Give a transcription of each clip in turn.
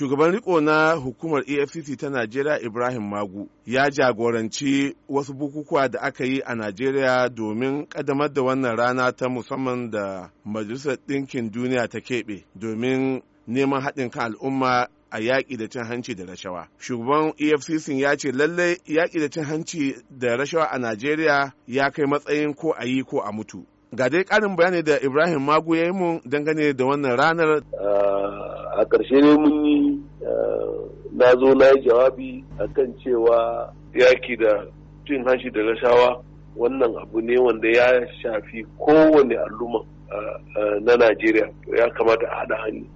shugaban riko na hukumar efcc ta najeriya ibrahim magu ya jagoranci wasu bukukuwa da aka yi a najeriya domin kadamar da wannan rana ta musamman da majalisar ɗinkin duniya ta keɓe domin neman haɗin kan al'umma a yaƙi da cin hanci da rashawa. Shugaban EFCC ya ce lallai yaƙi da cin hanci da rashawa a Najeriya ya kai matsayin ko a yi ko a mutu. Ga dai ƙarin bayani da Ibrahim Magu ya yi mun dangane da wannan ranar. Ah, a ƙarshe ne mun yi eh, na zo na yi jawabi a kan cewa yaki da cin hanshi da rashawa wannan abu ne wanda ya shafi kowane al'umma eh, eh, na Najeriya ya kamata a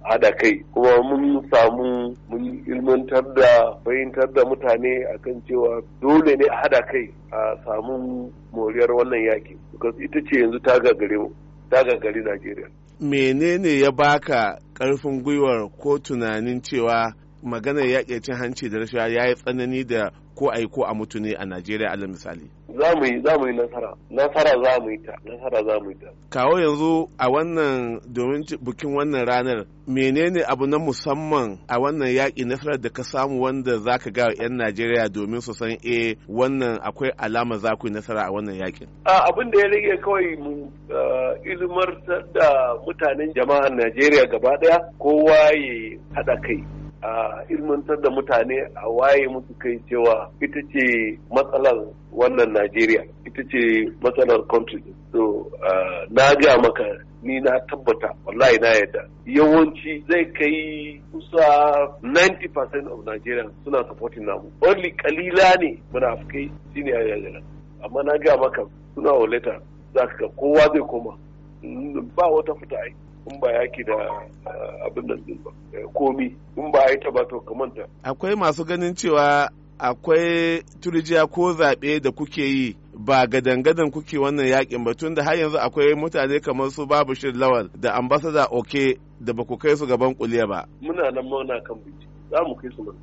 hada kai kuma mun samu mun ilmantar da fahimtar da mutane a kan cewa dole ne a hada kai a samu moriyar wannan yaki ita ce yanzu ta gagare mu ta gagari Najeriya. Menene ya baka karfin gwiwar ko tunanin cewa maganar yaƙi cin hanci da rashawa ya yi tsanani da ko a yi ko a mutu ne a najeriya alal misali za mu yi nasara nasara za mu yi ta nasara za mu yi ta kawo yanzu a wannan domin bukin wannan ranar menene abu na musamman a wannan yaƙi nasarar da ka samu wanda za ka ga 'yan najeriya domin su san e wannan akwai alama za ku yi nasara a wannan yaƙin abin da ya rage kawai mu ilmar da mutanen jama'ar najeriya gaba ɗaya kowa ya haɗa kai a ilmantar da mutane a waye musu kai cewa ita ce matsalar wannan Najeriya ita ce matsalar country so na ga maka ni na tabbata wallahi na yadda yawanci zai kai kusa 90% of Nigerians suna supporting namu only kalila ne muna kai shine a amma na ga maka suna oleta za ka kowa zai koma ba wata fita ai in ba yaki da eh, abin nan ba eh, komi in ba yi ta to kamanta akwai masu ganin cewa akwai turjiya ko zaɓe da kuke yi ba gadangadan kuke wannan yakin ba tunda har yanzu akwai mutane kamar su babu shirin lawal da ambasada oke da ba ku kai su gaban kuliya ba muna nan muna kan bici za mu kai su mana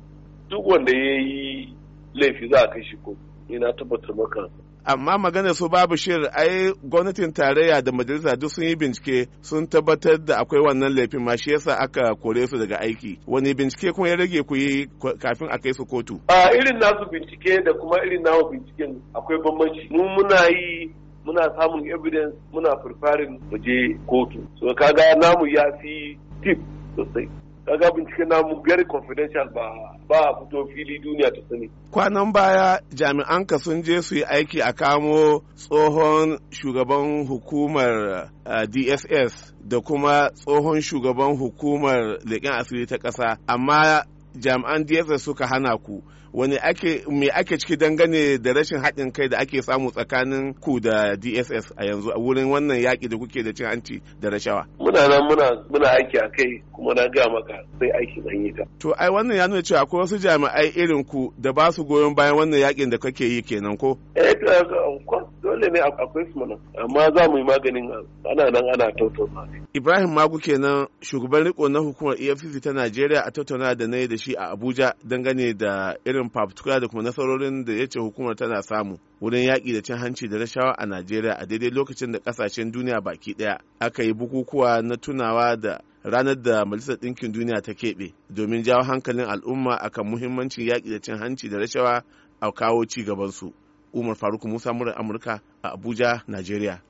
duk wanda ya yi laifi za a kai shi ko ina tabbatar maka amma maganar su babu shir ai gwamnatin tarayya da majalisa duk sun yi bincike sun tabbatar da akwai wannan laifin ma shi yasa aka kore su daga aiki wani bincike kuma ya rage ku yi kafin a kai su kotu a irin nasu bincike da kuma irin nawa binciken akwai bambanci mu muna yi muna samun evidence muna firfarin mu kotu so kaga namu ya fi tip sosai kaga binciken namu very confidential ba ba fito fili duniya ta sani kwanan baya jami'an ka sun je su yi aiki a kamo tsohon shugaban hukumar eh, dss da kuma tsohon shugaban hukumar leƙen asiri ta ƙasa amma jami'an DSS suka hana ku wani ake me ake ciki dangane da rashin haɗin kai da ake samu tsakanin ku da DSS a yanzu a wurin wannan yaƙi da kuke da cin hanci da rashawa. Muna nan muna muna aiki a kai kuma na ga maka sai aiki zan yi ta. To ai wannan ya nuna cewa akwai wasu jami'ai irin ku da ba su goyon bayan wannan yaƙin da kake yi kenan ko? Eh to dole ne akwai su mana amma za mu yi maganin ana nan ana tautauna Ibrahim Magu kenan shugaban riko na hukumar EFCC ta Najeriya a tattauna da na da shi a Abuja dangane da irin fafutuka da kuma nasarorin da ya ce hukumar tana samu wurin yaƙi da cin hanci da rashawa a Najeriya a daidai lokacin da ƙasashen duniya baki ɗaya aka yi bukukuwa na tunawa da ranar da Majalisar Ɗinkin Duniya ta keɓe domin jawo hankalin al'umma akan muhimmancin yaƙi da cin hanci da rashawa a kawo ci gabansu. umar faruk musa murar amurka a abuja Nigeria.